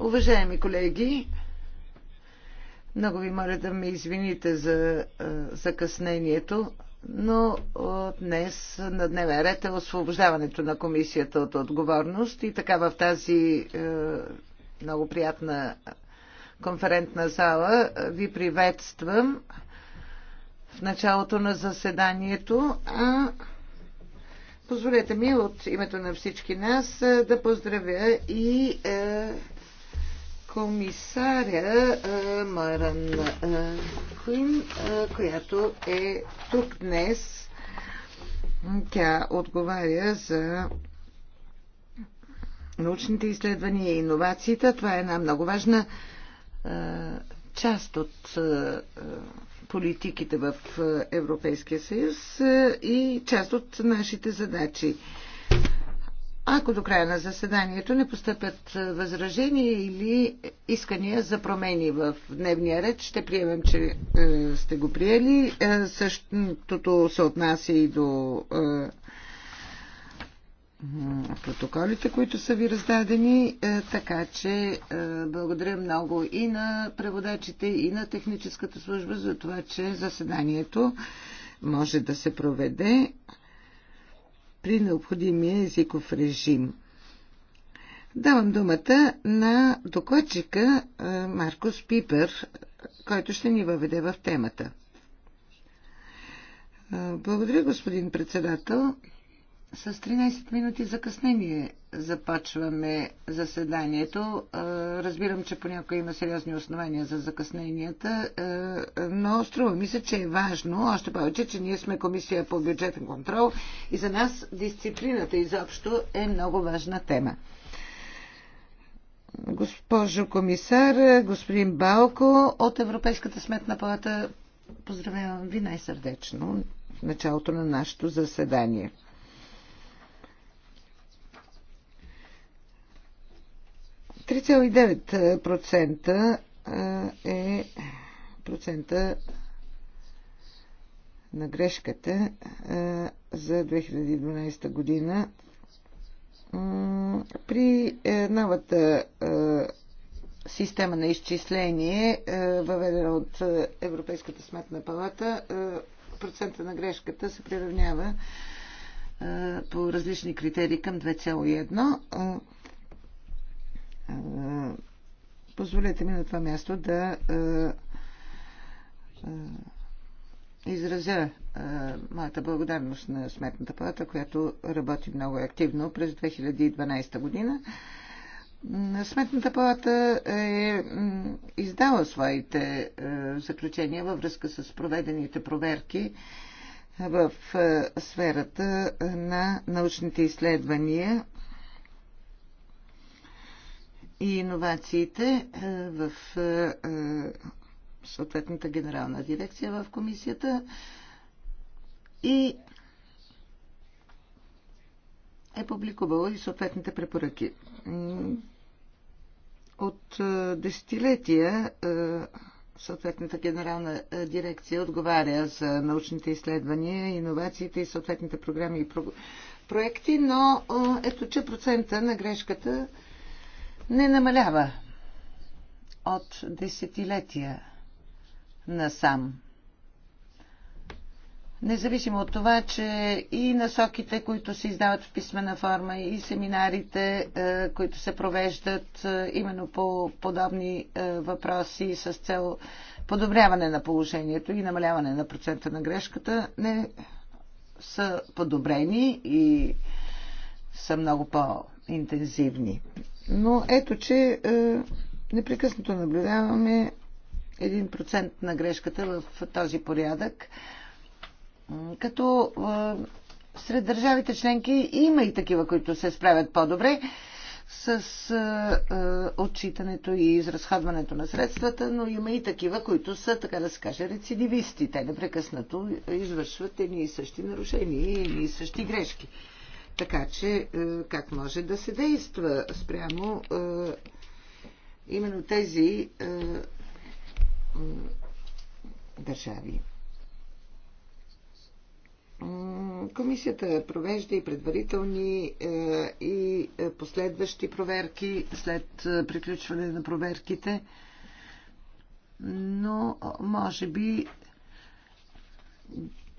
Уважаеми колеги, много ви моля да ме извините за закъснението, но днес на дневен ред е освобождаването на комисията от отговорност и така в тази много приятна конферентна зала ви приветствам в началото на заседанието, а Позволете ми от името на всички нас е, да поздравя и е, комисаря е, Маран е, Куин, е, която е тук днес. Тя отговаря за научните изследвания и иновациите. Това е една много важна е, част от е, политиките в е, Европейския съюз е, и част от нашите задачи. Ако до края на заседанието не постъпят е, възражения или искания за промени в дневния ред, ще приемем, че сте го приели. същото се отнася и до протоколите, които са ви раздадени. Е, така че е, благодаря много и на преводачите, и на техническата служба за това, че заседанието може да се проведе при необходимия езиков режим. Давам думата на докладчика е, Маркос Пипер, който ще ни въведе в темата. Благодаря, господин председател. С 13 минути закъснение започваме заседанието. Е, разбирам, че понякога има сериозни основания за закъсненията, е, но струва ми се, че е важно, още повече, че ние сме комисия по бюджетен контрол и за нас дисциплината изобщо е много важна тема. Госпожо комисар, господин Балко от Европейската сметна палата, поздравявам ви най-сърдечно в началото на нашето заседание. 3,9% е процента на грешката за 2012 година. При е, новата система на изчисление, въведена от Европейската сметна палата, процента на грешката се приравнява по различни критерии към 2,1. Позволете ми на това място да изразя моята благодарност на Сметната палата, която работи много активно през 2012 година. Сметната палата е издала своите заключения във връзка с проведените проверки в сферата на научните изследвания и иновациите е, в е, е, съответната генерална дирекция в комисията и е публикувала и съответните препоръки. От десетилетия съответната генерална дирекция отговаря за научните изследвания, иновациите и съответните програми и проекти, но ето че процента на грешката не намалява от десетилетия насам. Независимо от това, че и насоките, които се издават в писмена форма, и семинарите, е, които се провеждат е, именно по подобни е, въпроси с цел подобряване на положението и намаляване на процента на грешката, не са подобрени и са много по-интензивни. Но ето, че е, непрекъснато наблюдаваме 1% на грешката в този порядък. Като е, сред държавите членки има и такива, които се справят по-добре с е, е, отчитането и изразходването на средствата, но има и такива, които са, така да се каже, рецидивисти. Те непрекъснато извършват едни и същи нарушения и едни и същи грешки. Така че е, как може да се действа спрямо е, именно тези е, държави? Комисията провежда и предварителни и последващи проверки след приключване на проверките, но може би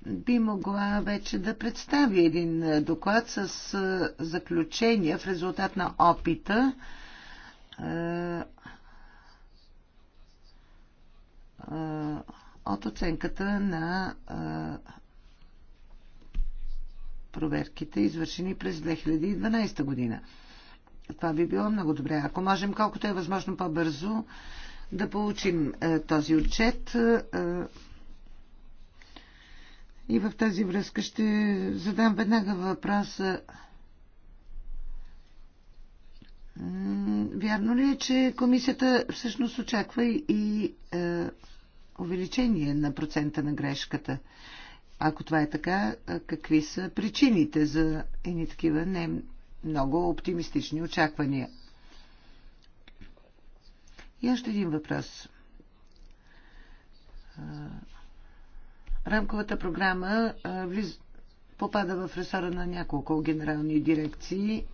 би могла вече да представи един е, доклад с е, заключения в резултат на опита е, от оценката на проверките, извършени през 2012 година. Това би било много добре. Ако можем колкото е възможно по-бързо да получим този отчет, и в тази връзка ще задам веднага въпроса. Вярно ли е, че комисията всъщност очаква и е, увеличение на процента на грешката? Ако това е така, е, какви са причините за едни такива не много оптимистични очаквания? И още един въпрос. Е, Рамковата програма влиз... попада в ресора на няколко генерални дирекции.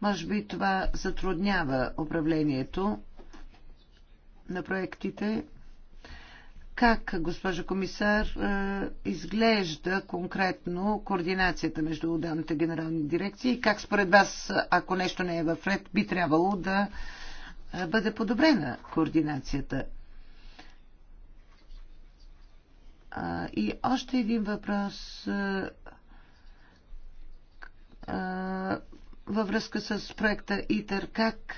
Може би това затруднява управлението на проектите. Как, госпожа комисар, изглежда конкретно координацията между отделните генерални дирекции и как според вас, ако нещо не е в ред, би трябвало да бъде подобрена координацията И още един въпрос във връзка с проекта ИТЕР. Как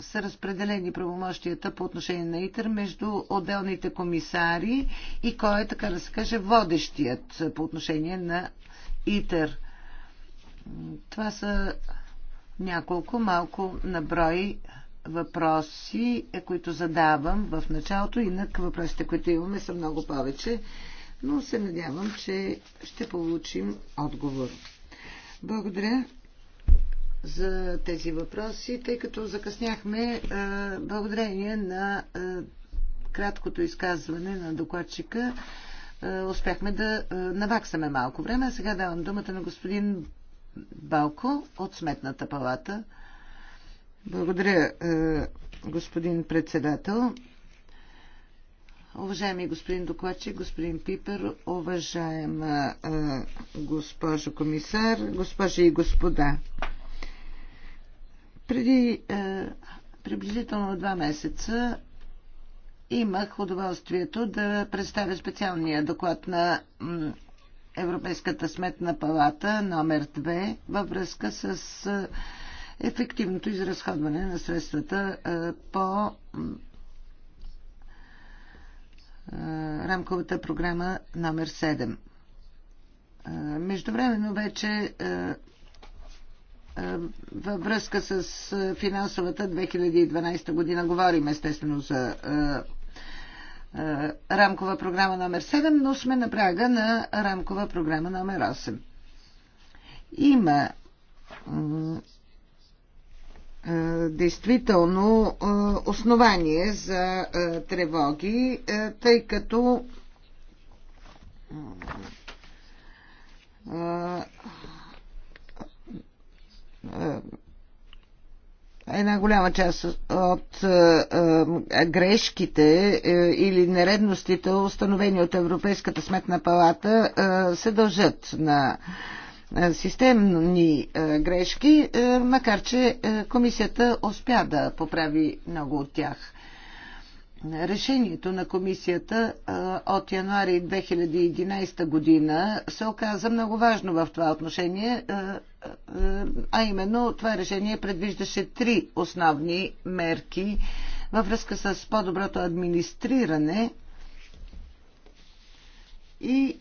са разпределени правомощията по отношение на ИТЕР между отделните комисари и кой е, така да се каже, водещият по отношение на ИТЕР? Това са няколко малко наброи въпроси, е, които задавам в началото, инак въпросите, които имаме, са много повече но се надявам, че ще получим отговор. Благодаря за тези въпроси, тъй като закъсняхме благодарение на краткото изказване на докладчика. Успяхме да наваксаме малко време. А сега давам думата на господин Балко от Сметната палата. Благодаря, господин председател. Уважаеми господин докладчик, господин Пипер, уважаема госпожо комисар, госпожи и господа. Преди приблизително два месеца имах удоволствието да представя специалния доклад на Европейската сметна палата номер 2 във връзка с ефективното изразходване на средствата по рамковата програма номер 7. Междувременно вече във връзка с финансовата 2012 година говорим естествено за рамкова програма номер 7, но сме на прага на рамкова програма номер 8. Има е, действително е, основание за е, тревоги, тъй като една голяма част от грешките или нередностите, установени от Европейската сметна палата, се дължат на е, системни е, грешки, е, макар че комисията успя да поправи много от тях. Решението на комисията от януари 2011 година се оказа много важно в това отношение, а именно това решение предвиждаше три основни мерки във връзка с по-доброто администриране и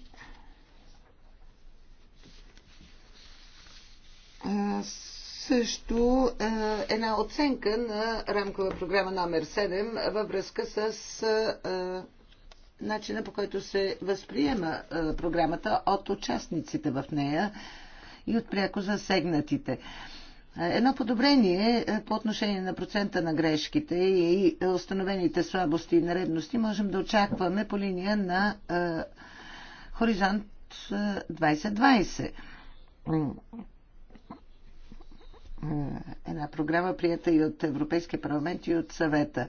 също една оценка на рамкова програма номер 7 във връзка с начина по който се възприема програмата от участниците в нея и от пряко засегнатите. Едно подобрение по отношение на процента на грешките и установените слабости и наредности можем да очакваме по линия на Хоризонт 2020 е, една програма, прията и от Европейския парламент и от съвета.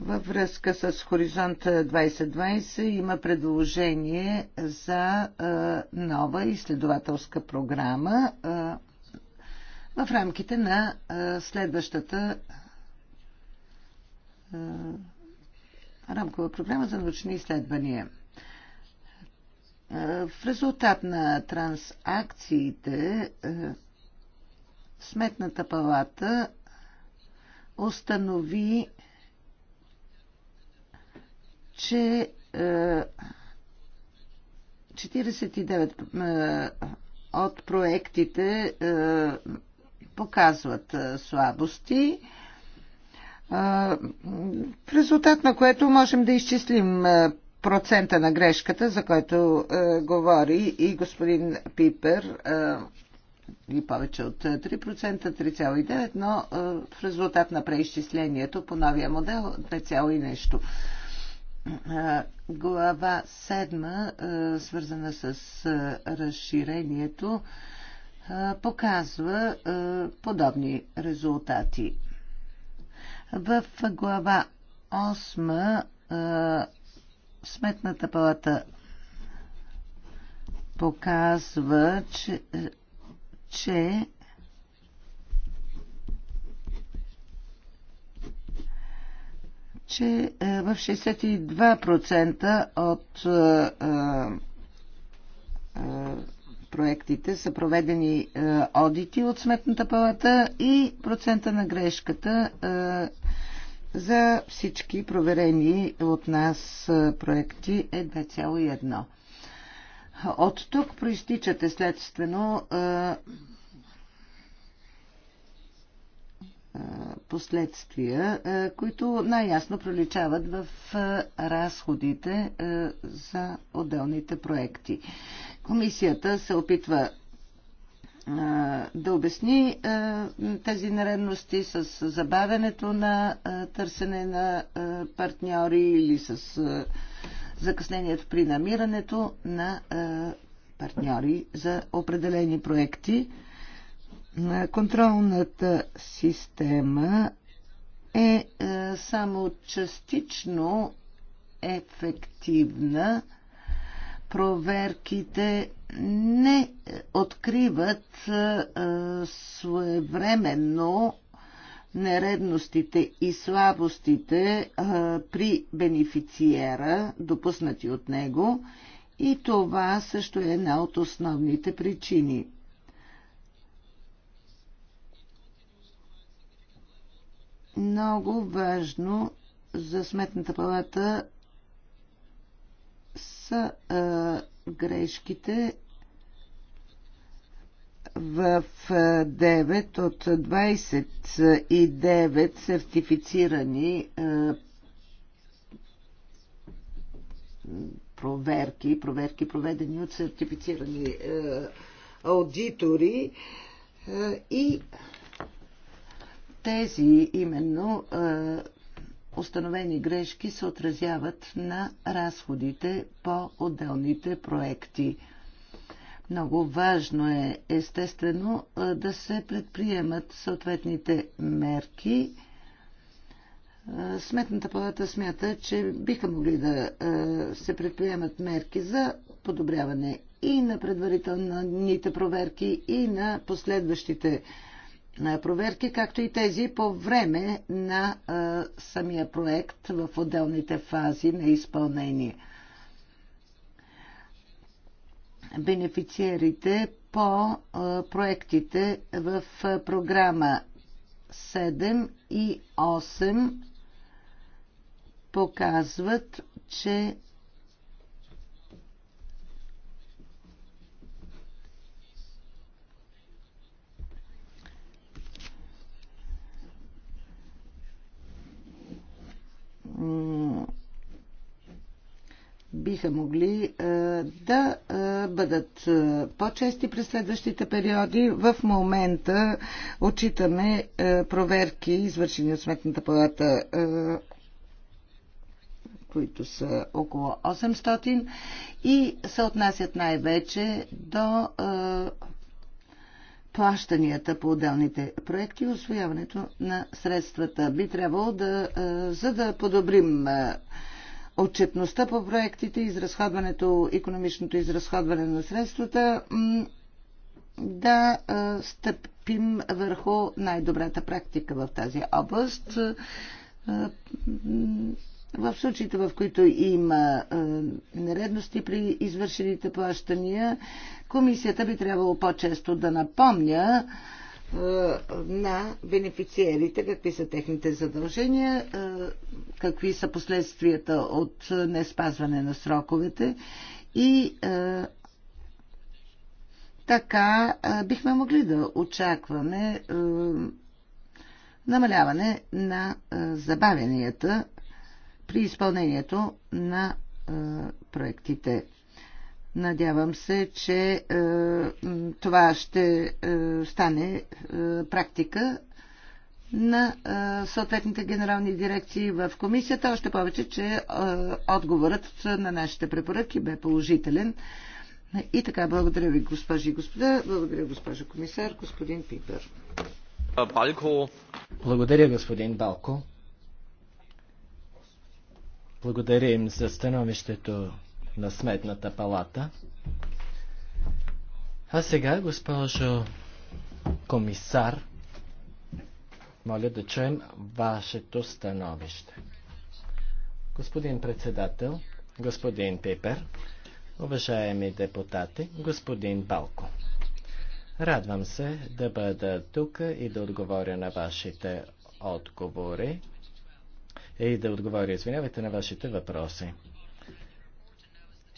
Във връзка с Хоризонт 2020 има предложение за е, нова изследователска програма е, в рамките на следващата рамкова програма за научни изследвания. В резултат на трансакциите Сметната палата установи, че 49 от проектите показват слабости, в резултат на което можем да изчислим процента на грешката, за който е, говори и господин Пипер, е, и повече от 3%, е, 3,9%, но е, в резултат на преизчислението по новия модел 2 цяло и нещо. Е, глава 7, е, свързана с е, разширението, е, показва е, подобни резултати. В глава 8 Сметната палата показва, че, че че е, в 62% от а, е, а, е, проектите са проведени а, одити от Сметната палата и процента на грешката а, за всички проверени от нас проекти е 2,1. От тук проистичат следствено последствия, които най-ясно проличават в разходите за отделните проекти. Комисията се опитва да обясни тези наредности с забавянето на търсене на партньори или с закъснението при намирането на партньори за определени проекти. Контролната система е само частично ефективна проверките не откриват своевременно нередностите и слабостите при бенефициера, допуснати от него, и това също е една от основните причини. Много важно за Сметната палата са грешките в 9 от 29 сертифицирани проверки, проверки проведени от сертифицирани аудитори и тези именно установени грешки се отразяват на разходите по отделните проекти. Много важно е, естествено, да се предприемат съответните мерки. Сметната палата смята, че биха могли да се предприемат мерки за подобряване и на предварителните проверки, и на последващите проверки проверки, както и тези по време на самия проект в отделните фази на изпълнение. Бенефициерите по проектите в програма 7 и 8 показват, че биха могли е, да е, бъдат е, по-чести през следващите периоди. В момента отчитаме проверки, извършени от Сметната палата, които са около 800 и се отнасят най-вече до плащанията по отделните проекти и освояването на средствата. Би трябвало да, за да подобрим отчетността по проектите, изразходването, економичното изразходване на средствата, да стъпим върху най-добрата практика в тази област. В случаите, в които има е, нередности при извършените плащания, комисията би трябвало по-често да напомня е, на бенефициерите какви са техните задължения, е, какви са последствията от не спазване на сроковете и е, така е, бихме могли да очакваме е, намаляване на е, забавенията при изпълнението на е, проектите. Надявам се, че е, това ще е, стане е, практика на е, съответните генерални дирекции в комисията, още повече, че е, отговорът на нашите препоръки бе положителен. И така, благодаря ви, госпожи и господа. Благодаря, госпожа комисар, господин Пипер. Балко. Благодаря, господин Балко. Благодарим за становището на Сметната палата. А сега, госпожо комисар, моля да чуем вашето становище. Господин председател, господин Пипер, уважаеми депутати, господин Балко. Радвам се да бъда тук и да отговоря на вашите отговори и да отговоря, извинявайте, на вашите въпроси.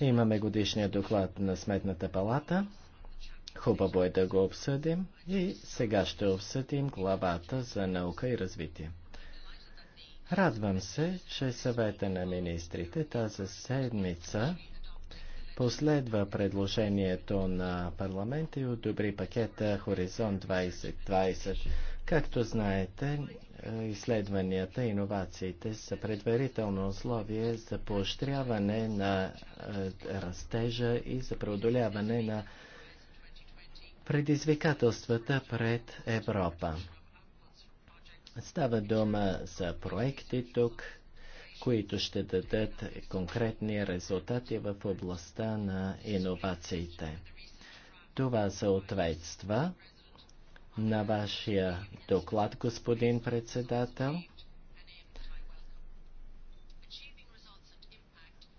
Имаме годишния доклад на Сметната палата. Хубаво е да го обсъдим и сега ще обсъдим главата за наука и развитие. Радвам се, че съвета на министрите тази седмица последва предложението на парламента и одобри пакета Хоризонт 2020. Както знаете, изследванията, иновациите са предварително условие за поощряване на е, растежа и за преодоляване на предизвикателствата пред Европа. Става дума за проекти тук, които ще дадат конкретни резултати в областта на иновациите. Това съответства на вашия доклад, господин председател.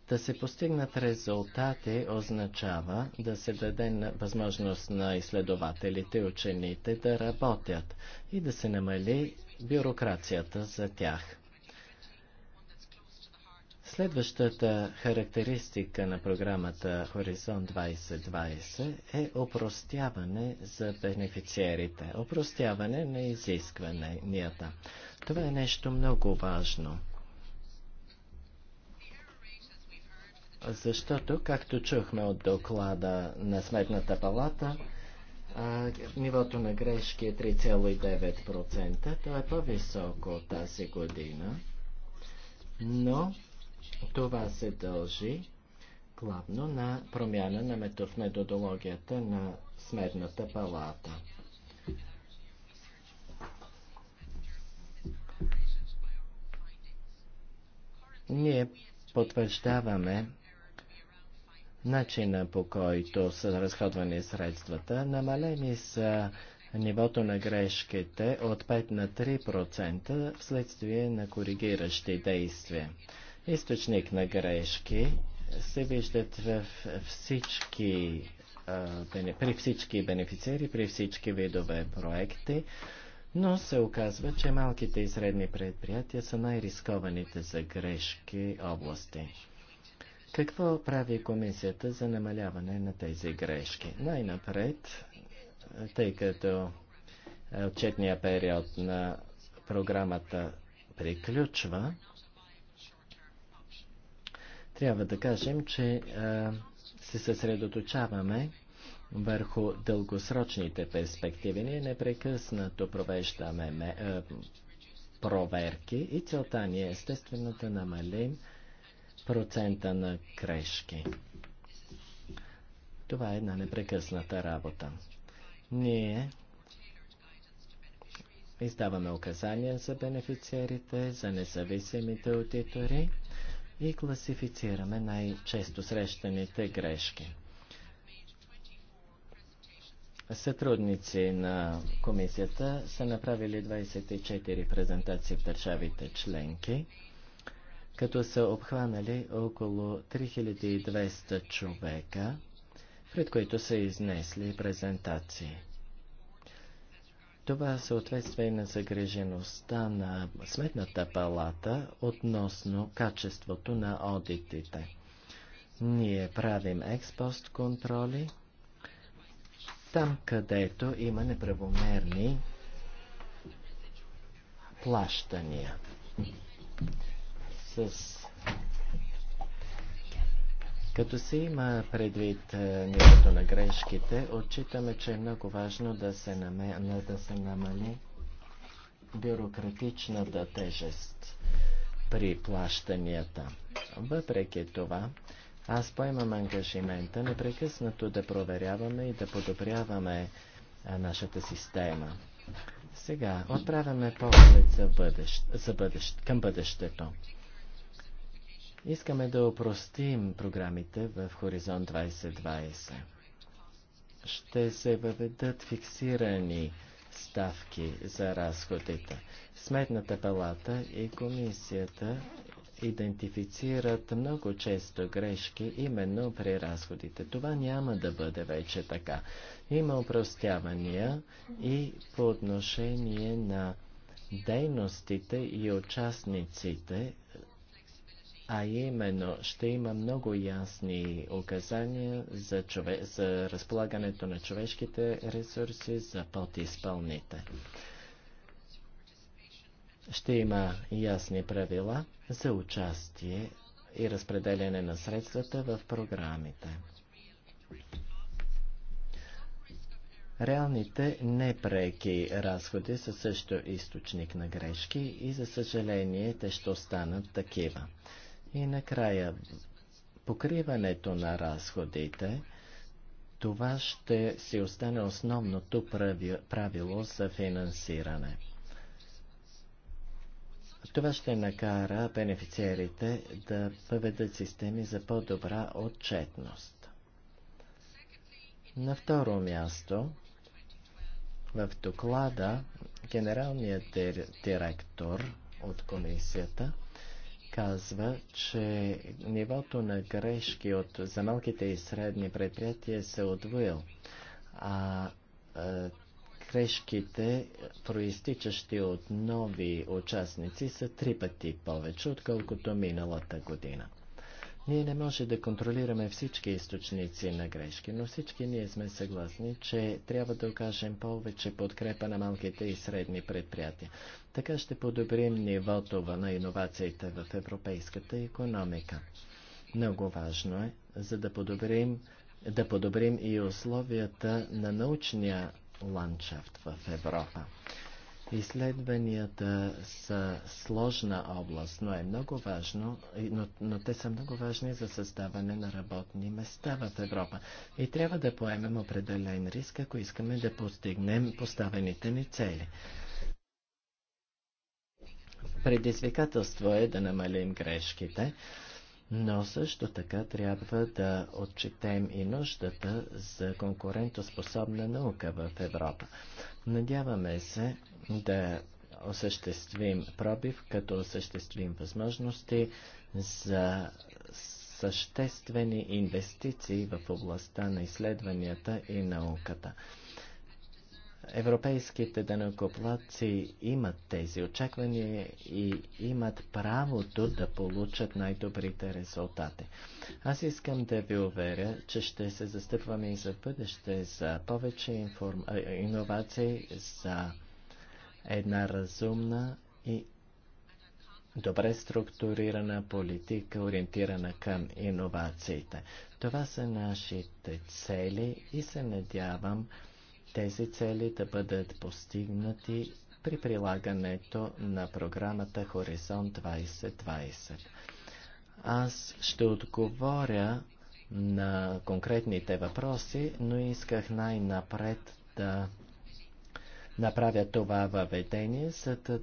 Да се постигнат резултати означава да се даде възможност на изследователите и учените да работят и да се намали бюрокрацията за тях. Следващата характеристика на програмата Хоризонт 2020 е опростяване за бенефициерите, опростяване на изискванията. Това е нещо много важно. Защото, както чухме от доклада на Сметната палата, а, нивото на грешки е 3,9%. То е по-високо от тази година, но това се дължи главно на промяна на метод, методологията на Сметната палата. Ние потвърждаваме начина по който са разходвани средствата. Намалени са нивото на грешките от 5 на 3% вследствие на коригиращи действия. Източник на грешки се виждат в всички, при всички бенефициери, при всички видове проекти, но се оказва, че малките и средни предприятия са най-рискованите за грешки области. Какво прави комисията за намаляване на тези грешки? Най-напред, тъй като отчетния период на програмата приключва, трябва да кажем, че а, се съсредоточаваме върху дългосрочните перспективи. Ние непрекъснато провеждаме ме, а, проверки и целта ни е естествено да намалим процента на грешки. Това е една непрекъсната работа. Ние издаваме указания за бенефициерите, за независимите аудитори и класифицираме най-често срещаните грешки. Сътрудници на комисията са направили 24 презентации в държавите членки, като са обхванали около 3200 човека, пред които са изнесли презентации. Това е съответства и на загрежеността на Сметната палата относно качеството на одитите. Ние правим експост контроли там, където има неправомерни плащания. С като се има предвид е, нивото на грешките, отчитаме, че е много важно да се, наме, да се намали бюрократичната тежест при плащанията. Въпреки това, аз поемам ангажимента непрекъснато да проверяваме и да подобряваме е, нашата система. Сега отправяме поглед за бъдещ, за бъдещ, към бъдещето. Искаме да опростим програмите в Хоризонт 2020. Ще се въведат фиксирани ставки за разходите. Сметната палата и комисията идентифицират много често грешки именно при разходите. Това няма да бъде вече така. Има упростявания и по отношение на дейностите и участниците а именно ще има много ясни указания за, чове... за разполагането на човешките ресурси за изпълните. Ще има ясни правила за участие и разпределяне на средствата в програмите. Реалните непреки разходи са също източник на грешки и за съжаление те ще останат такива. И накрая, покриването на разходите, това ще си остане основното правило за финансиране. Това ще накара бенефициерите да въведат системи за по-добра отчетност. На второ място, в доклада генералният директор от комисията казва, че нивото на грешки от, за малките и средни предприятия се е отвоил, а, а грешките, проистичащи от нови участници, са три пъти повече, отколкото миналата година. Ние не може да контролираме всички източници на грешки, но всички ние сме съгласни, че трябва да окажем повече подкрепа на малките и средни предприятия. Така ще подобрим нивото на иновациите в европейската економика. Много важно е, за да подобрим, да подобрим и условията на научния ландшафт в Европа. Изследванията са сложна област, но е много важно, но, но те са много важни за създаване на работни места в Европа. И трябва да поемем определен риск, ако искаме да постигнем поставените ни цели. Предизвикателство е да намалим грешките, но също така трябва да отчетем и нуждата за конкурентоспособна наука в Европа. Надяваме се да осъществим пробив, като осъществим възможности за съществени инвестиции в областта на изследванията и науката. Европейските данъкоплатци имат тези очаквания и имат правото да получат най-добрите резултати. Аз искам да ви уверя, че ще се застъпваме и за бъдеще, за повече информ... иновации, за една разумна и добре структурирана политика, ориентирана към иновациите. Това са нашите цели и се надявам, тези цели да бъдат постигнати при прилагането на програмата Хоризонт 2020. Аз ще отговоря на конкретните въпроси, но исках най-напред да направя това въведение, за да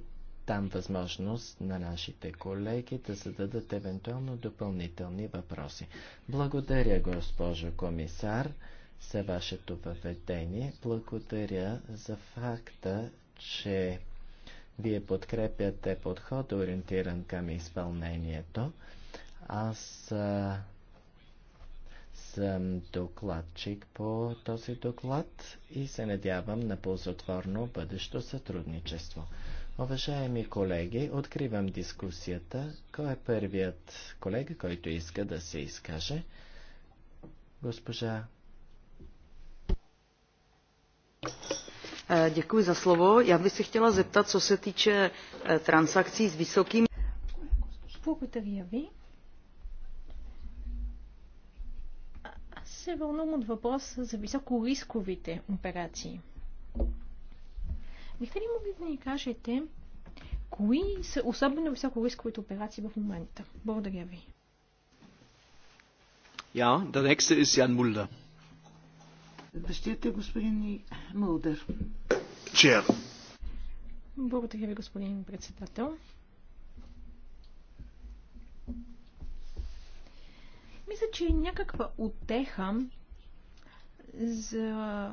дам възможност на нашите колеги да зададат евентуално допълнителни въпроси. Благодаря, госпожо комисар за вашето въведение. Благодаря за факта, че вие подкрепяте подход, ориентиран към изпълнението. Аз а, съм докладчик по този доклад и се надявам на ползотворно бъдещо сътрудничество. Уважаеми колеги, откривам дискусията. Кой е първият колега, който иска да се изкаже? Госпожа Eh, děkuji za slovo. Já bych se chtěla zeptat, co se týče eh, transakcí s vysokým... Аз се вълнувам от въпроса за високорисковите операции. Бихте ли могли да ни кажете кои са особено високорисковите операции в момента? Благодаря ви. Ja, der nächste ist Jan Mulder. Бащията господин Мулдър. Благодаря ви, господин председател. Мисля, че е някаква отеха за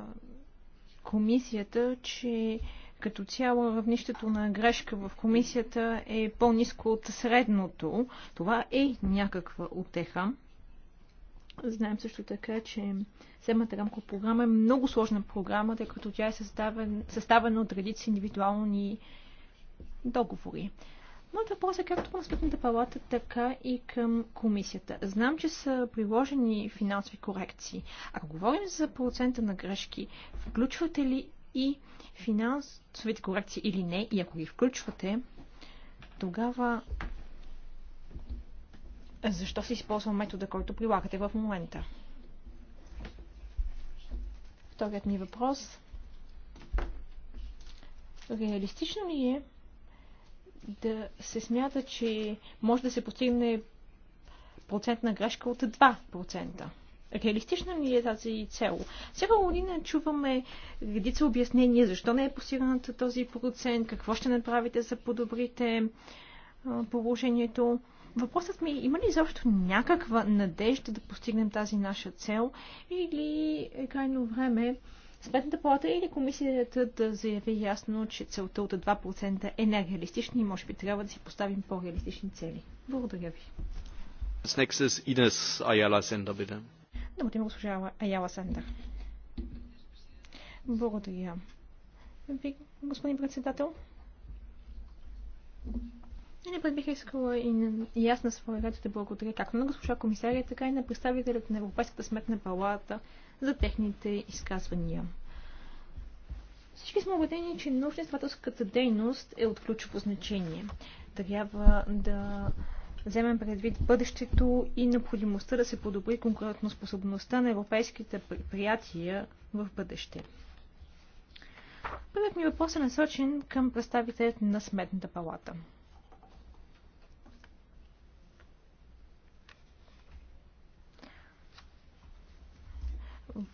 комисията, че като цяло равнището на грешка в комисията е по-низко от средното. Това е някаква отеха. Знаем също така, че седмата рамкова програма е много сложна програма, тъй като тя е съставен, съставена от редици индивидуални договори. Моят въпрос е както към Сметната палата, така и към комисията. Знам, че са приложени финансови корекции. Ако говорим за процента на грешки, включвате ли и финансовите корекции или не? И ако ги включвате, тогава защо се използва метода, който прилагате в момента? Вторият ми въпрос. Реалистично ли е да се смята, че може да се постигне процентна грешка от 2%? Реалистична ли е тази цел? Всяка година чуваме редица обяснения защо не е постигнат този процент, какво ще направите за подобрите положението. Въпросът ми е, има ли изобщо някаква надежда да постигнем тази наша цел или е крайно време Сметната палата или комисията да заяви ясно, че целта от 2% е нереалистична и може би трябва да си поставим по-реалистични цели. Благодаря ви. Добре, госпожа Аяла Сендър. Благодаря. Ви, господин председател. Thank you. И напред бих искала и, и аз на своя ред да благодаря както на госпожа комисария, така и на представителят на Европейската сметна палата за техните изказвания. Всички сме убедени, че научно-изследователската дейност е от ключово значение. Трябва да вземем предвид бъдещето и необходимостта да се подобри конкретно способността на европейските предприятия в бъдеще. Първият ми въпрос е насочен към представителят на Сметната палата.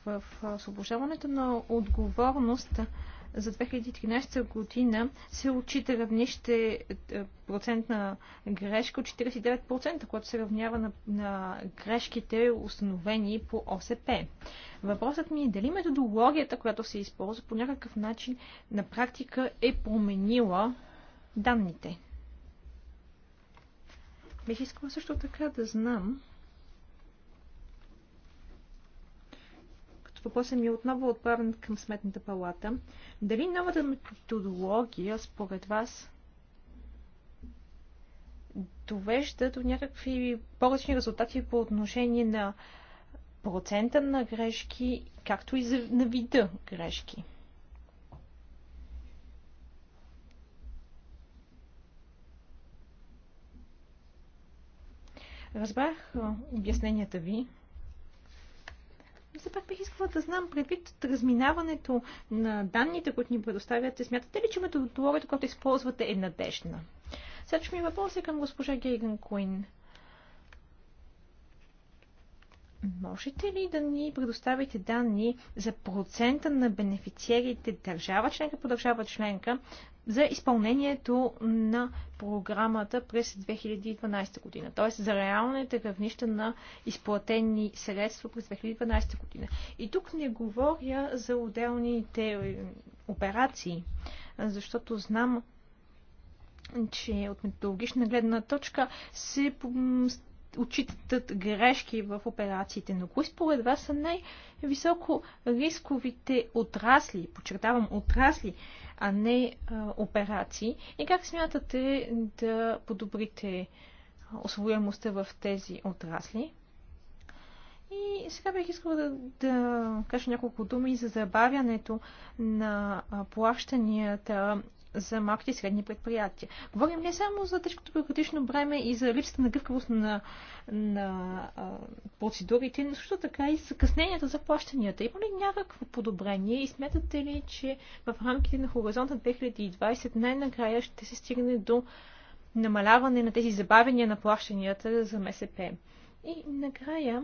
В освобождаването на отговорност за 2013 година се отчита равнище е, процент на грешка от 49%, което се равнява на, на грешките, установени по ОСП. Въпросът ми е дали методологията, която се използва по някакъв начин на практика е променила данните. Бих искала също така да знам Въпросът ми е отново отправен към Сметната палата. Дали новата методология, според вас, довежда до някакви по-различни резултати по отношение на процента на грешки, както и за, на вида грешки? Разбрах обясненията ви все пак бих искала да знам, предвид разминаването на данните, които ни предоставяте, смятате ли, че методологията, която използвате, е надежна? Следващия ми въпрос е към госпожа Гейган Куин. Можете ли да ни предоставите данни за процента на бенефициерите държава членка по държава членка за изпълнението на програмата през 2012 година, т.е. за реалните равнища на изплатени средства през 2012 година. И тук не говоря за отделните е, операции, защото знам, че от методологична гледна точка се отчитат грешки в операциите, но кои според вас са най-високо рисковите отрасли, подчертавам отрасли, а не а, операции и как смятате да подобрите освоемостта в тези отрасли? И сега бих искала да, да кажа няколко думи за забавянето на плащанията за малките и средни предприятия. Говорим не само за тежкото бюрократично бреме и за липсата на гъвкавост на, на а, процедурите, но също така и закъсненията за плащанията. Има ли някакво подобрение и смятате ли, че в рамките на хоризонта 2020 най-накрая ще се стигне до намаляване на тези забавения на плащанията за МСП? И накрая,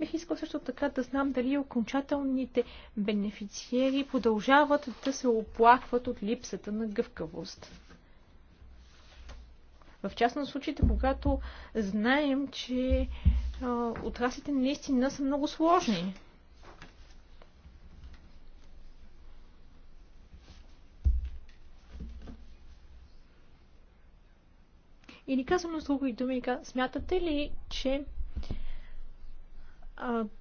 Бих искал също така да знам дали окончателните бенефициери продължават да се оплакват от липсата на гъвкавост. В частност случаите, когато знаем, че а, отраслите наистина са много сложни. Или казвам с други думи, смятате ли, че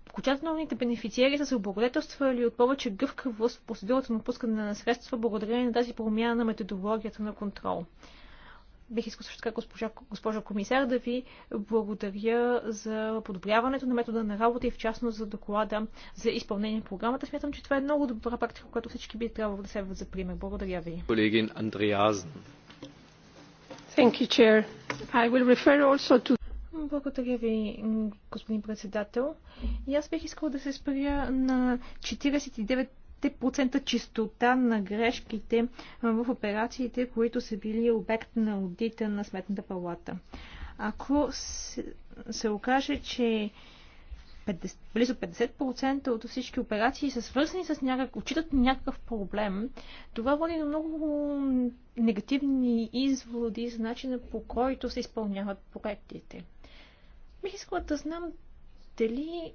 окончателните бенефициери са се облагодетелствали от повече гъвкавост в процедурата на отпускане на средства, благодарение на тази промяна на методологията на контрол. Бих искал също така, госпожа, госпожа комисар, да ви благодаря за подобряването на метода на работа и в частност за доклада за изпълнение на програмата. Смятам, че това е много добра практика, която всички би трябвало да следват за пример. Благодаря ви. Колегин Андреазен. Thank you, Chair. I will refer also to благодаря ви, господин председател. И аз бих искал да се спря на 49% чистота на грешките в операциите, които са били обект на аудита на Сметната палата. Ако се, окаже, че 50, близо 50% от всички операции са свързани с някакъв, отчитат някакъв проблем, това води до много негативни изводи за начина по който се изпълняват проектите. Бих искала да знам дали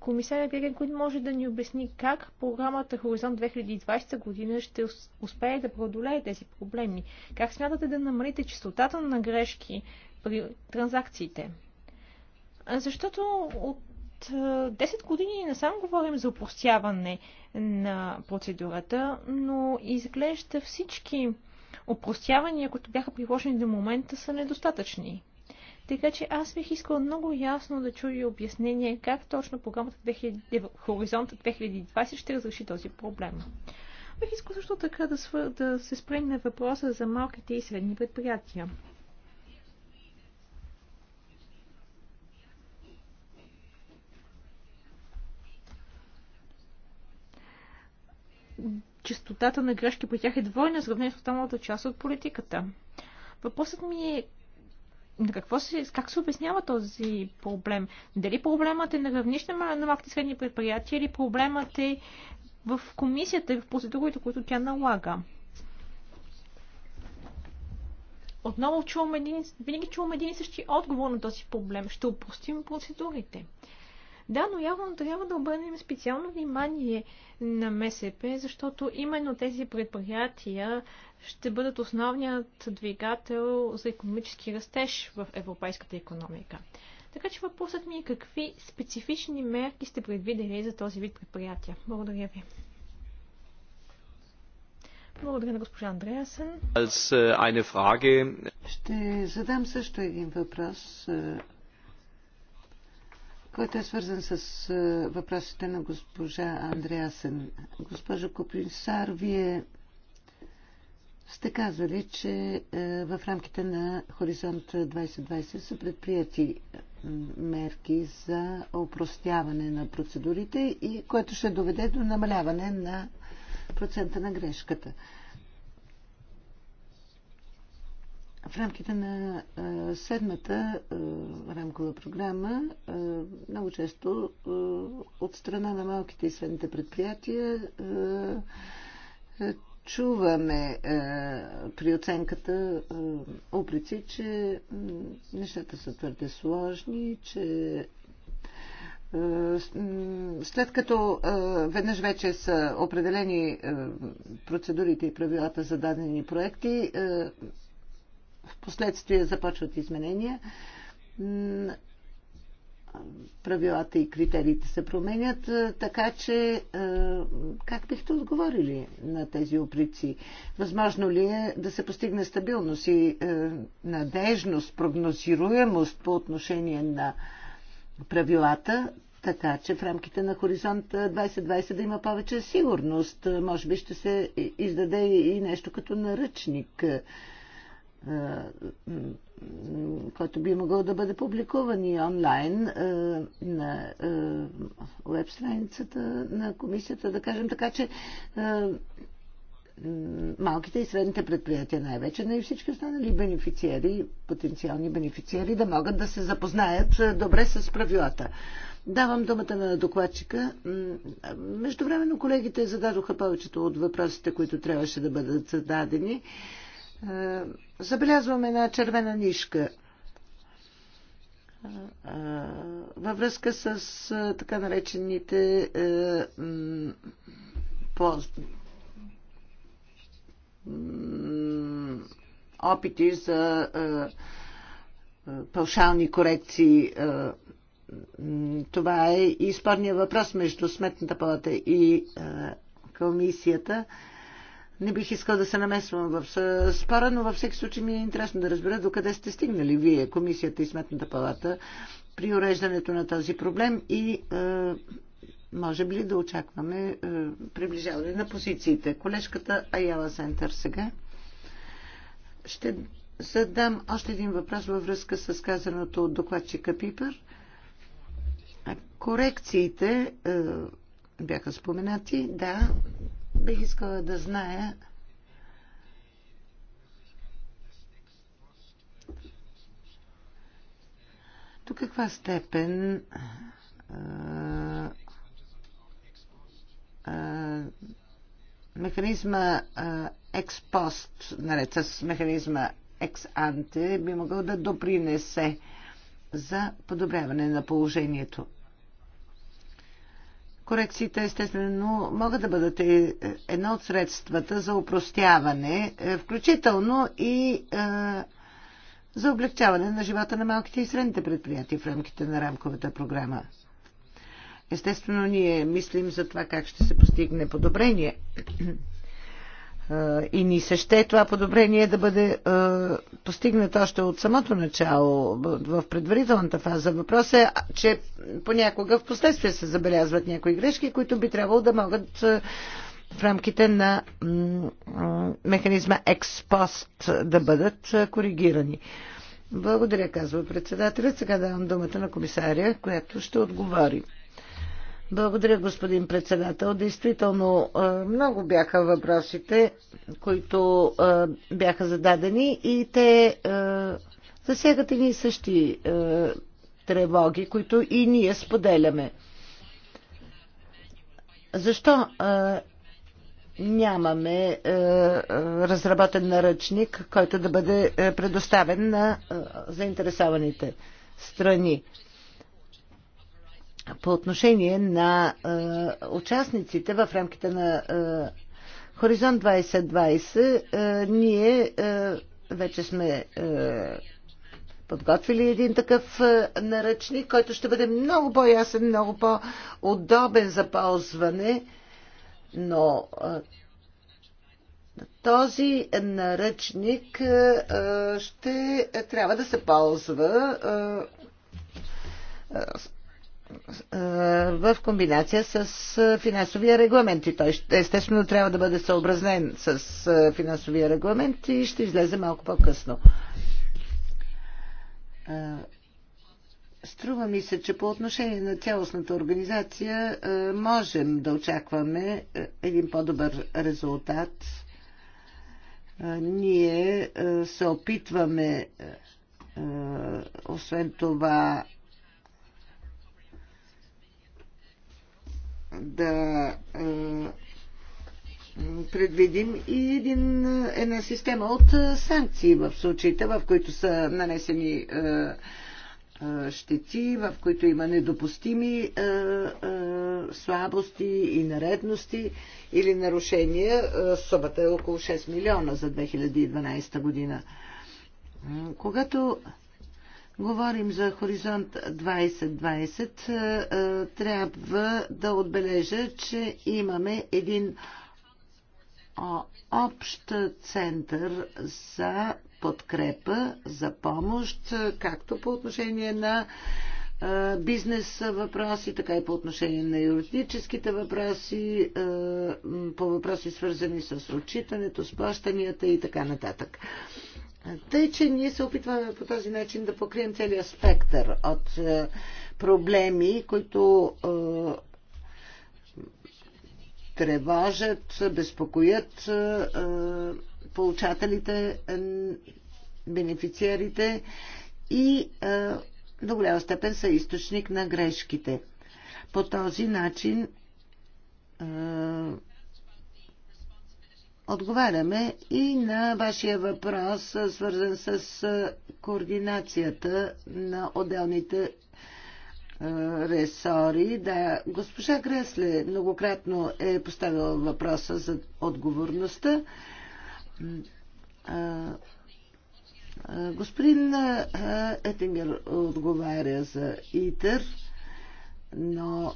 комисаря Греген Куин може да ни обясни как програмата Хоризонт 2020 година ще успее да преодолее тези проблеми. Как смятате да намалите частотата на грешки при транзакциите? Защото от 10 години не само говорим за упростяване на процедурата, но изглежда всички упростявания, които бяха приложени до момента, са недостатъчни. Така че аз бих искал много ясно да чуя обяснение как точно програмата 2000, Хоризонт 2020 ще разреши този проблем. Бих искал също така да, свър... да се спрем на въпроса за малките и средни предприятия. Частотата на грешки при тях е двойна сравнение с останалата част от политиката. Въпросът ми е на какво се, как се обяснява този проблем? Дали проблемът е на равнище на малките средни предприятия или проблемът е в комисията и в процедурите, които тя налага? Отново чувам един, винаги чувам един и същи отговор на този проблем. Ще упростим процедурите. Да, но явно трябва да обърнем специално внимание на МСП, защото именно тези предприятия ще бъдат основният двигател за економически растеж в европейската економика. Така че въпросът ми е какви специфични мерки сте предвидели за този вид предприятия. Благодаря ви. Благодаря на госпожа Андреасен. Е, ще задам също един въпрос е, който е свързан с е, въпросите на госпожа Андреасен. Госпожо Копринсар, вие сте казали, че е, в рамките на Хоризонт 2020 са предприяти мерки за опростяване на процедурите и което ще доведе до намаляване на процента на грешката. В рамките на е, седмата рамкова програма много често от страна на малките и средните предприятия чуваме при оценката оприци, че нещата са твърде сложни, че след като веднъж вече са определени процедурите и правилата за дадени проекти, в последствие започват изменения правилата и критериите се променят, е, така че е, как бихте отговорили на тези оприци? Възможно ли е да се постигне стабилност и е, надежност, прогнозируемост по отношение на правилата, така че в рамките на хоризонт 2020 да има повече сигурност? Може би ще се издаде и нещо като наръчник е, който би могъл да бъде публикуван и онлайн е, на е, веб страницата на комисията, да кажем така, че малките и средните предприятия най-вече, но и всички останали бенефициери, потенциални бенефициери, да могат да се запознаят добре с правилата. Давам думата на докладчика. Междувременно колегите зададоха повечето от въпросите, които трябваше да бъдат зададени. Е, забелязваме една червена нишка е, е, във връзка с така наречените по опити за пълшални корекции. Това е и спорния въпрос между Сметната палата и комисията. Не бих искал да се намесвам в спора, но във всеки случай ми е интересно да разбера докъде сте стигнали вие, комисията и сметната палата, при уреждането на този проблем и е, може би да очакваме е, приближаване на позициите. Колежката Аяла Сентър сега. Ще задам още един въпрос във връзка с казаното от докладчика Пипър. Корекциите е, бяха споменати, да, бих искала да зная до каква степен механизма експост, наред с механизма екс-анте, би могъл да допринесе за подобряване на положението. Корекциите, естествено, могат да бъдат е, едно от средствата за упростяване, е, включително и е, за облегчаване на живота на малките и средните предприятия в рамките на рамковата програма. Естествено, ние мислим за това как ще се постигне подобрение и ни се ще това подобрение да бъде постигнато още от самото начало, в предварителната фаза. Въпросът е, че понякога в последствие се забелязват някои грешки, които би трябвало да могат в рамките на механизма експост да бъдат коригирани. Благодаря, казва председателят. Сега давам думата на комисаря, която ще отговори. Благодаря, господин председател. Действително, много бяха въпросите, които бяха зададени и те засягат и същи тревоги, които и ние споделяме. Защо нямаме разработен наръчник, който да бъде предоставен на заинтересованите страни по отношение на е, участниците в рамките на е, Хоризонт 2020, е, ние е, вече сме е, подготвили един такъв е, наръчник, който ще бъде много по-ясен, много по-удобен за ползване, но е, този наръчник е, е ще трябва да се ползва. Е, е е, в комбинация с е, финансовия регламент. И той естествено трябва да бъде съобразнен с е, финансовия регламент и ще излезе малко по-късно. Струва ми се, че по отношение на цялостната организация можем да очакваме един по-добър резултат. Ние се опитваме освен това да предвидим и един, една система от санкции в случаите, в които са нанесени щети, в които има недопустими е, е, слабости и наредности или нарушения. Собата е около 6 милиона за 2012 година. Когато говорим за Хоризонт 2020, е, е, трябва да отбележа, че имаме един общ център за подкрепа, за помощ, както по отношение на е, бизнес въпроси, така и по отношение на юридическите въпроси, по въпроси свързани с отчитането, с плащанията и така нататък. Тъй, че ние се опитваме по този начин да покрием целия спектър от е, проблеми, които е, тревожат, безпокоят е, получателите, бенефициарите и до голяма степен са източник на грешките. По този начин отговаряме и на вашия въпрос, свързан с координацията на отделните ресори. Да, госпожа Гресле многократно е поставила въпроса за отговорността. Господин Етингер отговаря за ИТЕР, но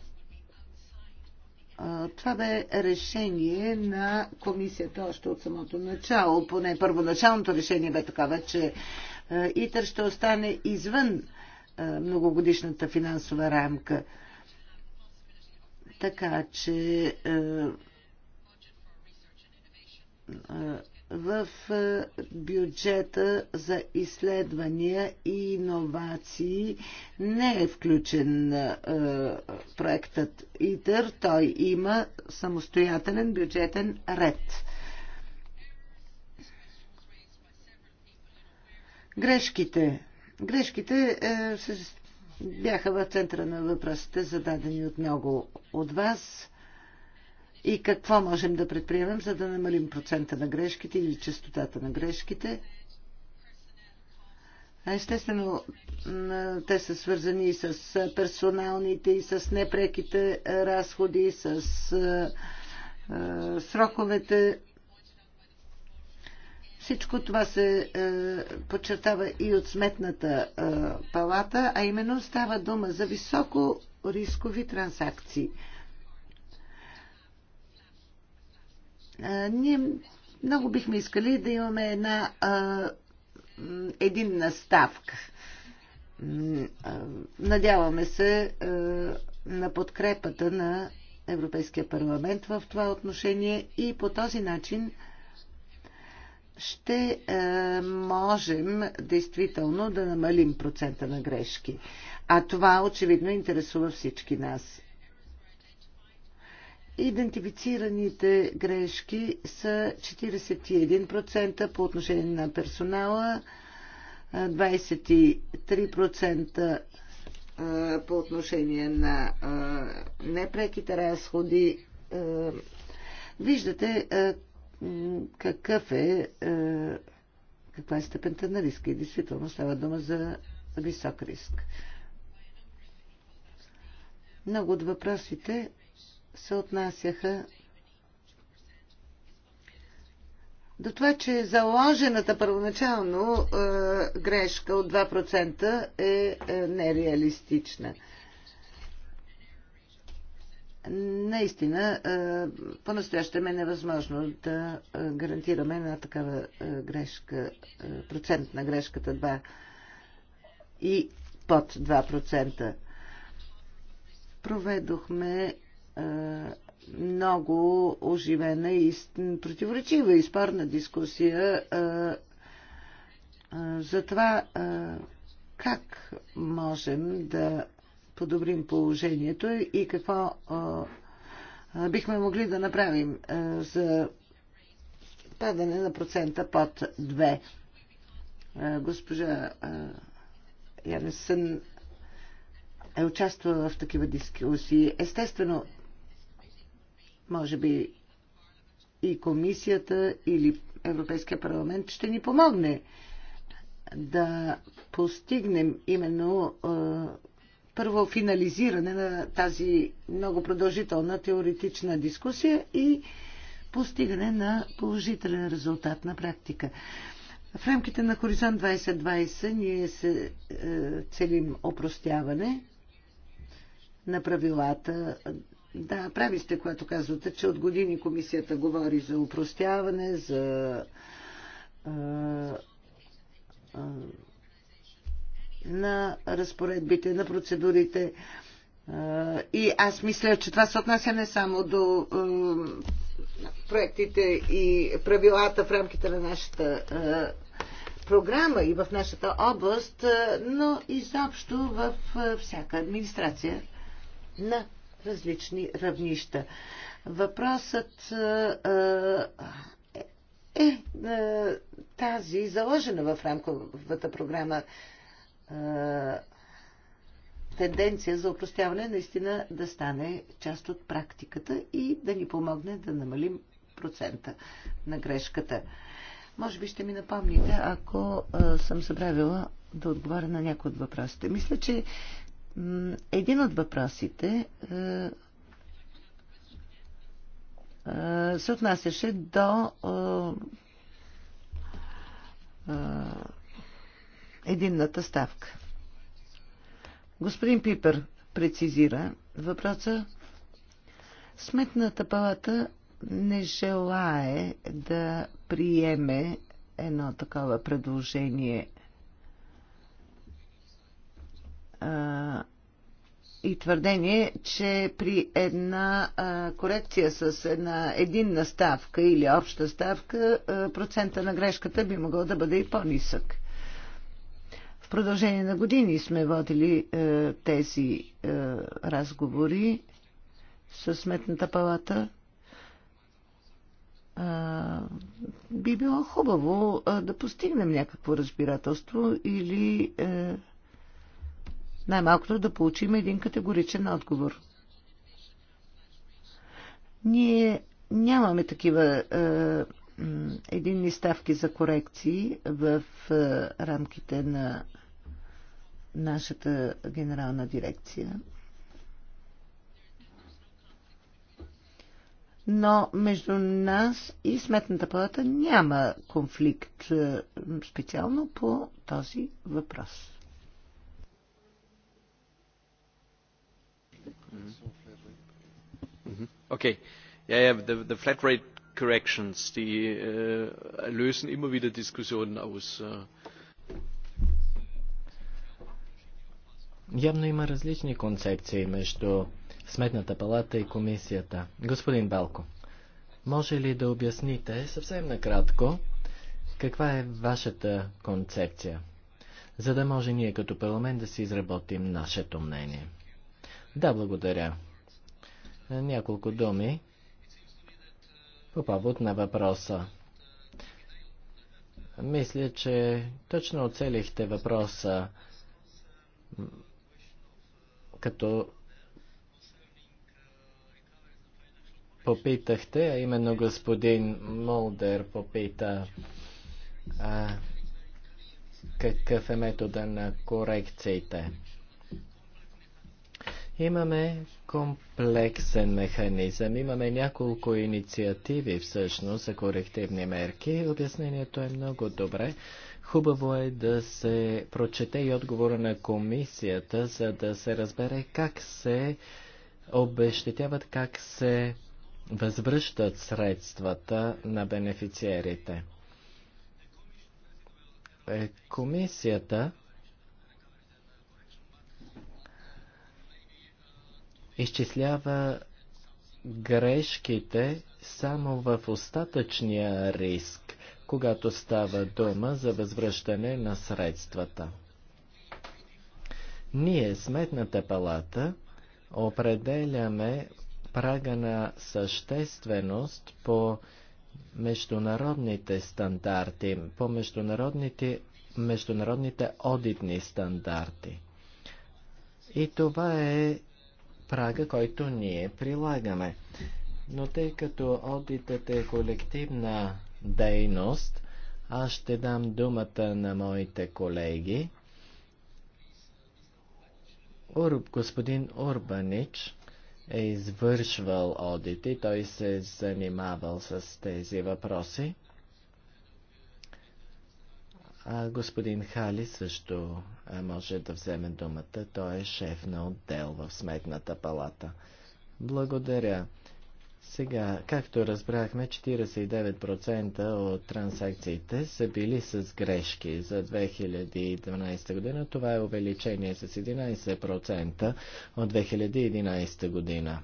това бе решение на комисията още от самото начало. Поне първоначалното решение бе такава, че е, ИТР ще остане извън е, многогодишната финансова рамка. Така че е, в бюджета за изследвания и иновации не е включен проектът ИТЕР. Той има самостоятелен бюджетен ред. Грешките. Грешките е, бяха в центъра на въпросите, зададени от много от вас и какво можем да предприемем, за да намалим процента на грешките или частотата на грешките. Естествено, те са свързани и с персоналните, и с непреките е, разходи, и с е, е, сроковете. Всичко това се подчертава и от сметната палата, а именно става дума за високо рискови транзакции – Ние много бихме искали да имаме една един наставка. Надяваме се на подкрепата на Европейския парламент в това отношение и по този начин ще е, можем действително да намалим процента на грешки. А това очевидно интересува всички нас. Идентифицираните грешки са 41% по отношение на персонала, 23% по отношение на непреките разходи. Виждате какъв е, каква е степента на риска и действително става дума за висок риск. Много от въпросите се отнасяха до това, че заложената първоначално е, грешка от 2% е, е нереалистична. Наистина, е, по-настоящем е невъзможно да е, гарантираме една такава е, грешка, е, процент на грешката 2 и под 2%. Проведохме е, много оживена и противоречива и спорна дискусия е, е, за това как можем да подобрим положението и какво бихме могли да направим за падане на процента под 2. Госпожа Янесън е участвала в такива дискусии. Естествено, може би и комисията или Европейския парламент ще ни помогне да постигнем именно първо финализиране на тази много продължителна теоретична дискусия и постигане на положителен резултат на практика. В рамките на Хоризонт 2020 ние се целим опростяване на правилата, да, прави сте, когато казвате, че от години комисията говори за упростяване, за а, а, на разпоредбите, на процедурите. А, и аз мисля, че това се отнася не само до а, проектите и правилата в рамките на нашата а, програма и в нашата област, но изобщо в всяка администрация на различни равнища. Въпросът е, е тази заложена в рамковата програма тенденция за опростяване наистина да стане част от практиката и да ни помогне да намалим процента на грешката. Може би ще ми напомните, ако съм забравила да отговаря на някои от въпросите. Мисля, че един от въпросите е, е, се отнасяше до е, единната ставка. Господин Пипер прецизира въпроса. Сметната палата не желае да приеме едно такова предложение и твърдение, че при една а, корекция с една единна ставка или обща ставка, а, процента на грешката би могъл да бъде и по-нисък. В продължение на години сме водили а, тези а, разговори с Сметната палата. би било хубаво да постигнем някакво разбирателство или най-малкото да получим един категоричен отговор. Ние нямаме такива е, единни ставки за корекции в е, рамките на нашата генерална дирекция. но между нас и Сметната палата няма конфликт е, специално по този въпрос. Mhm. Okay. Ja, ja, the, the flat rate corrections, die äh, lösen immer wieder Diskussionen aus. Äh. Явно има различни концепции между Сметната палата и комисията. Господин Балко, може ли да обясните съвсем накратко каква е вашата концепция, за да може ние като парламент да си изработим нашето мнение? Да, благодаря. Няколко думи по повод на въпроса. Мисля, че точно оцелихте въпроса като попитахте, а именно господин Молдер попита а, какъв е метода на корекциите. Имаме комплексен механизъм, имаме няколко инициативи всъщност за корективни мерки. Обяснението е много добре. Хубаво е да се прочете и отговора на комисията, за да се разбере как се обещетяват, как се възвръщат средствата на бенефициерите. Е, комисията изчислява грешките само в остатъчния риск, когато става дума за възвръщане на средствата. Ние, Сметната палата, определяме прага на същественост по международните стандарти, по международните, международните одитни стандарти. И това е прага, който ние прилагаме. Но тъй като одитът е колективна дейност, аз ще дам думата на моите колеги. Урб, господин Урбанич е извършвал одити, той се е занимавал с тези въпроси. А господин Хали също може да вземе думата. Той е шеф на отдел в Сметната палата. Благодаря. Сега, както разбрахме, 49% от транзакциите са били с грешки за 2012 година. Това е увеличение с 11% от 2011 година.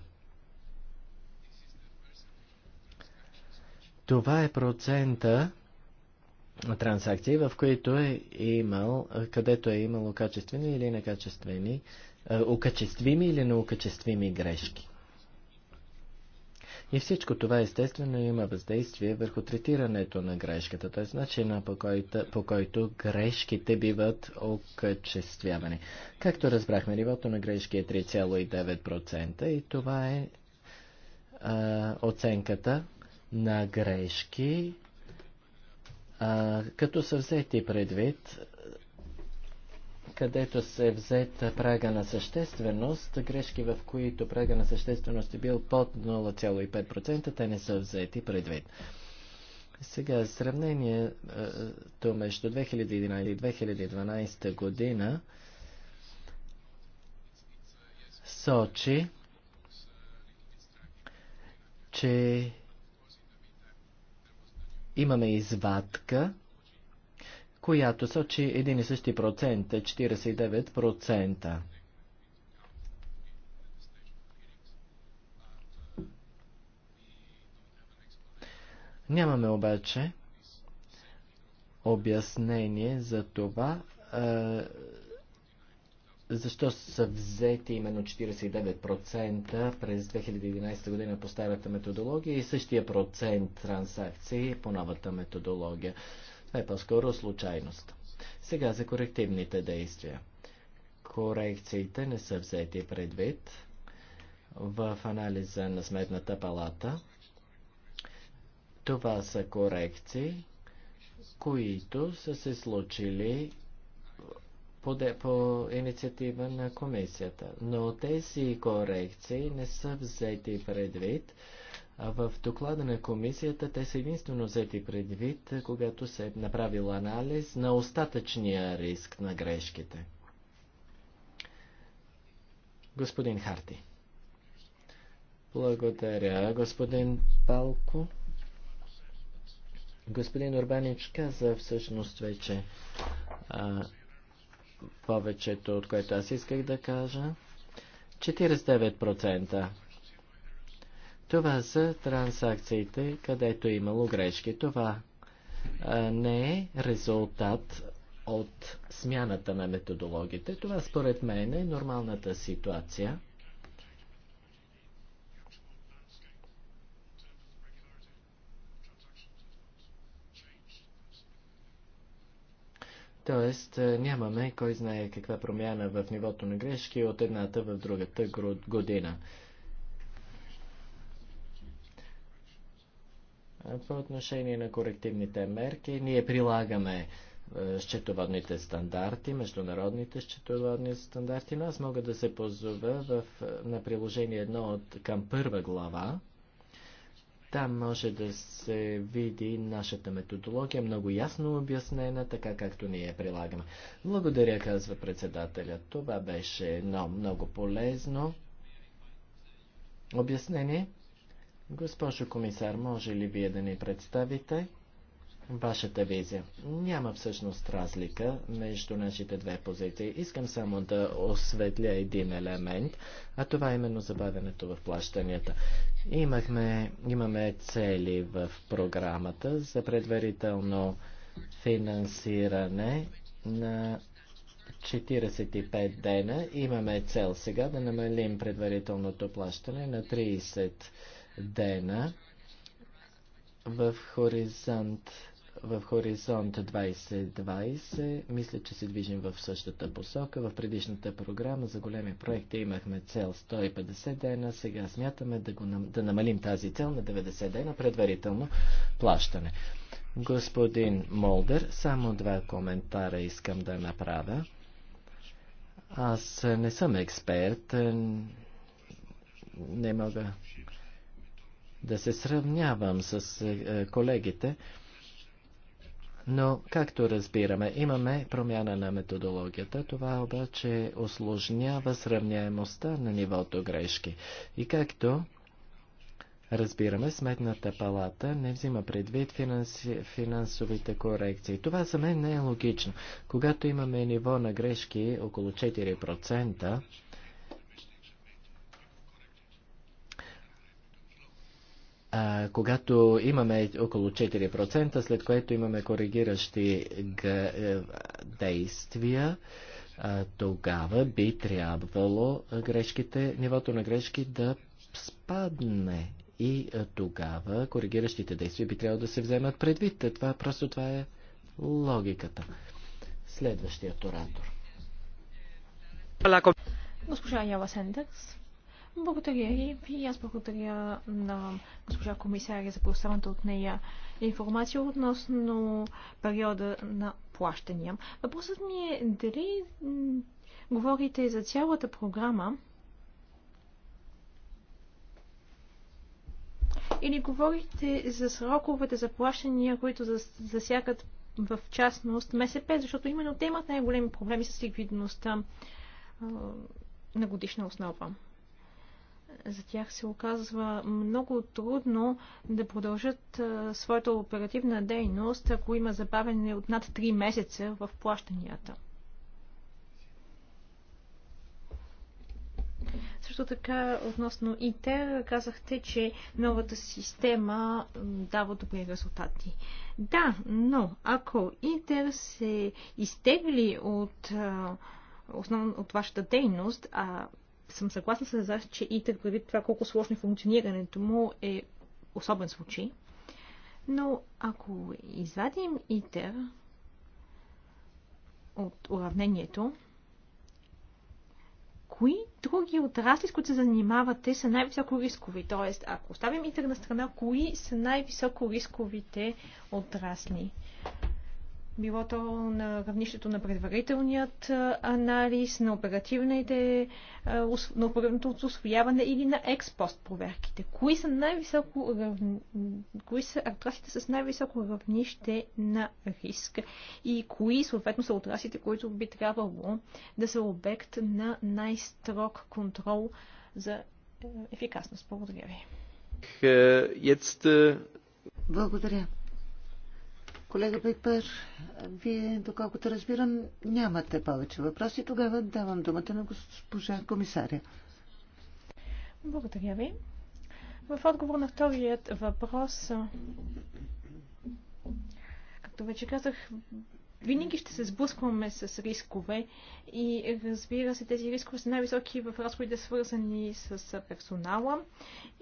Това е процента, транзакции, в които е имал, където е имало качествени или некачествени, окачествими е, или неокачествими грешки. И всичко това естествено има въздействие върху третирането на грешката, т.е. начина по който, по който грешките биват окачествявани. Както разбрахме, нивото на грешки е 3,9% и това е а, оценката на грешки като са взети предвид, където се взет прага на същественост, грешки в които прага на същественост е бил под 0,5%, те не са взети предвид. Сега, сравнението между 2011 и 2012 година сочи, че имаме извадка, която сочи един и същи процент, 49%. Нямаме обаче обяснение за това, защо са взети именно 49% през 2011 година по старата методология и същия процент транзакции по новата методология. Това е по-скоро случайност. Сега за корективните действия. Корекциите не са взети предвид в анализа на Сметната палата. Това са корекции, които са се случили по, по инициатива на комисията. Но тези корекции не са взети предвид. В доклада на комисията те са единствено взети предвид, когато се е направил анализ на остатъчния риск на грешките. Господин Харти. Благодаря, господин Палко. Господин Орбанич каза всъщност вече а, повечето, от което аз исках да кажа. 49%. Това са трансакциите, където е имало грешки. Това а, не е резултат от смяната на методологите. Това според мен е нормалната ситуация. Тоест е, нямаме кой знае каква промяна в нивото на грешки от едната в другата година. По отношение на корективните мерки, ние прилагаме е, счетоводните стандарти, международните счетоводни стандарти, но аз мога да се позова в, е, на приложение 1 от, към първа глава, там може да се види нашата методология, много ясно обяснена, така както ние я прилагаме. Благодаря, казва председателя. Това беше едно много полезно обяснение. Госпожо комисар, може ли вие да ни представите? вашата визия. Няма всъщност разлика между нашите две позиции. Искам само да осветля един елемент, а това е именно забавянето в плащанията. Имахме, имаме цели в програмата за предварително финансиране на 45 дена. Имаме цел сега да намалим предварителното плащане на 30 дена в хоризонт в Хоризонт 2020 мисля, че се движим в същата посока. В предишната програма за големи проекти имахме цел 150 дена. Сега смятаме да, го, да намалим тази цел на 90 дена предварително плащане. Господин Молдер, само два коментара искам да направя. Аз не съм експерт. Не мога да се сравнявам с е, колегите. Но, както разбираме, имаме промяна на методологията. Това обаче осложнява сравняемостта на нивото грешки. И както разбираме, Сметната палата не взима предвид финанси... финансовите корекции. Това за мен не е логично. Когато имаме ниво на грешки около 4%, а, когато имаме около 4%, след което имаме коригиращи е, действия, а, тогава би трябвало грешките, нивото на грешки да спадне. И а, тогава коригиращите действия би трябвало да се вземат предвид. Е, това просто това е логиката. Следващият оратор. Госпожа Ява Сендекс. Благодаря ви. И аз благодаря на госпожа комисаря за предоставената от нея информация относно периода на плащания. Въпросът ми е дали говорите за цялата програма или говорите за сроковете за плащания, които засягат в частност МСП, защото именно те имат най-големи проблеми с ликвидността на годишна основа за тях се оказва много трудно да продължат а, своята оперативна дейност, ако има забавене от над 3 месеца в плащанията. Също така, относно ИТЕР, казахте, че новата система дава добри резултати. Да, но ако ИТЕР се изтегли от, основ, от вашата дейност, а съм съгласна с вас, че ИТЕР предвид това колко сложно е функционирането му е особен случай. Но ако извадим ИТЕР от уравнението, кои други отрасли, с които се занимавате, са най-високо рискови? Тоест, ако оставим ИТЕР на страна, кои са най-високо рисковите отрасли? било то на равнището на предварителният анализ, на оперативните, на оперативното освояване или на експост проверките. Кои са, най-високо равни... кои са отрасите с най-високо равнище на риск и кои съответно са отрасите, които би трябвало да са обект на най-строг контрол за ефикасност. Благодаря ви. Благодаря. Колега Пипер, вие, доколкото разбирам, нямате повече въпроси. Тогава давам думата на госпожа комисаря. Благодаря ви. В отговор на вторият въпрос, както вече казах, винаги ще се сблъскваме с рискове и разбира се, тези рискове са най-високи в разходите, свързани с персонала.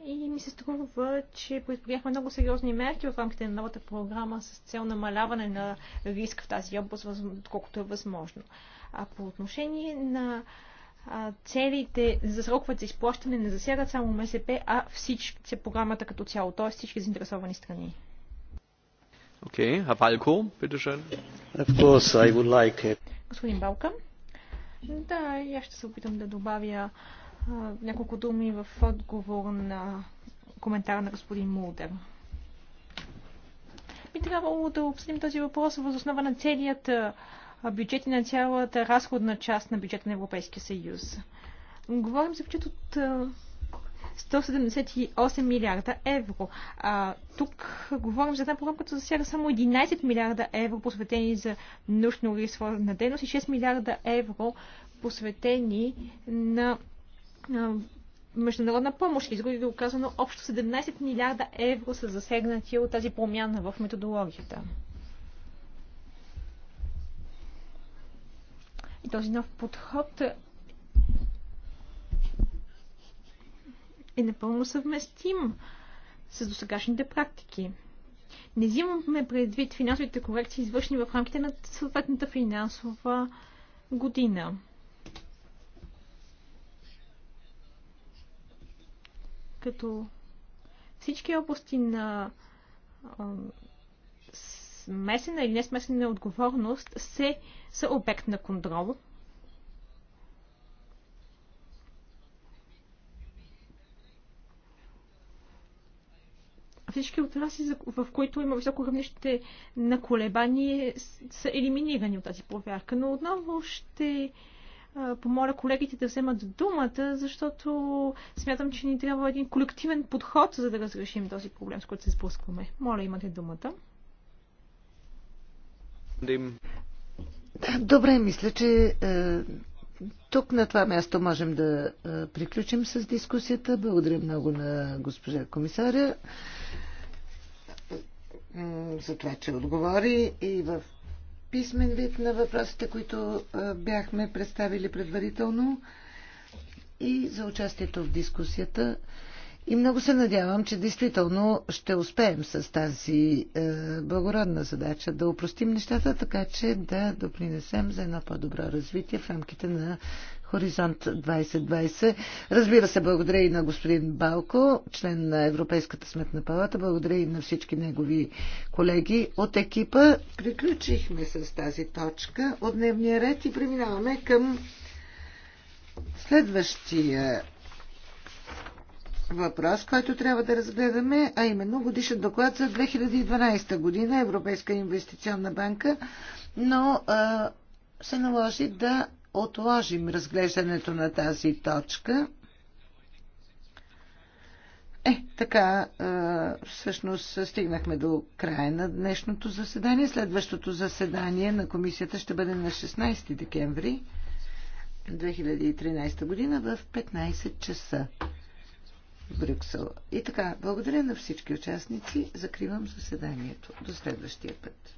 И ми се струва, че предприехме много сериозни мерки в рамките на новата програма с цел намаляване на риск в тази област, колкото е възможно. А по отношение на целите за сроковете за изплащане не засягат само МСП, а всички програмата като цяло, т.е. всички заинтересовани страни. Okay, Herr bitteschön. Of course, I would like it. Господин Балка. Да, я ще се опитам да добавя а, няколко думи в отговор на коментара на господин Мулдер. Би трябвало да обсъдим този въпрос въз основа на целият бюджет и на цялата разходна част на бюджета на Европейския съюз. Говорим за бюджет от а, 178 милиарда евро. А, тук говорим за една програма, която засяга само 11 милиарда евро, посветени за нужно на дейност и 6 милиарда евро, посветени на на международна помощ. Изгоди да оказано, общо 17 милиарда евро са засегнати от тази промяна в методологията. И този нов подход е напълно съвместим с досегашните практики. Не взимаме предвид финансовите корекции, извършени в рамките на съответната финансова година. Като всички области на смесена или несмесена отговорност се, са обект на контрол. всички отрасли, в които има високо равнище на колебание, са елиминирани от тази проверка. Но отново ще помоля колегите да вземат думата, защото смятам, че ни трябва един колективен подход, за да разрешим този проблем, с който се сблъскваме. Моля, имате думата. Добре, мисля, че е, тук на това място можем да приключим с дискусията. Благодаря много на госпожа комисаря за това, че отговори и в писмен вид на въпросите, които бяхме представили предварително и за участието в дискусията. И много се надявам, че действително ще успеем с тази е, благородна задача да упростим нещата, така че да допринесем за едно по-добро развитие в рамките на Хоризонт 2020. Разбира се, благодаря и на господин Балко, член на Европейската сметна палата. Благодаря и на всички негови колеги от екипа. Приключихме с тази точка от дневния ред и преминаваме към следващия въпрос, който трябва да разгледаме, а именно годишен доклад за 2012 година Европейска инвестиционна банка, но а, се наложи да отложим разглеждането на тази точка. Е, така, всъщност стигнахме до края на днешното заседание. Следващото заседание на комисията ще бъде на 16 декември 2013 година в 15 часа. Брюксел. И така, благодаря на всички участници. Закривам заседанието. До следващия път.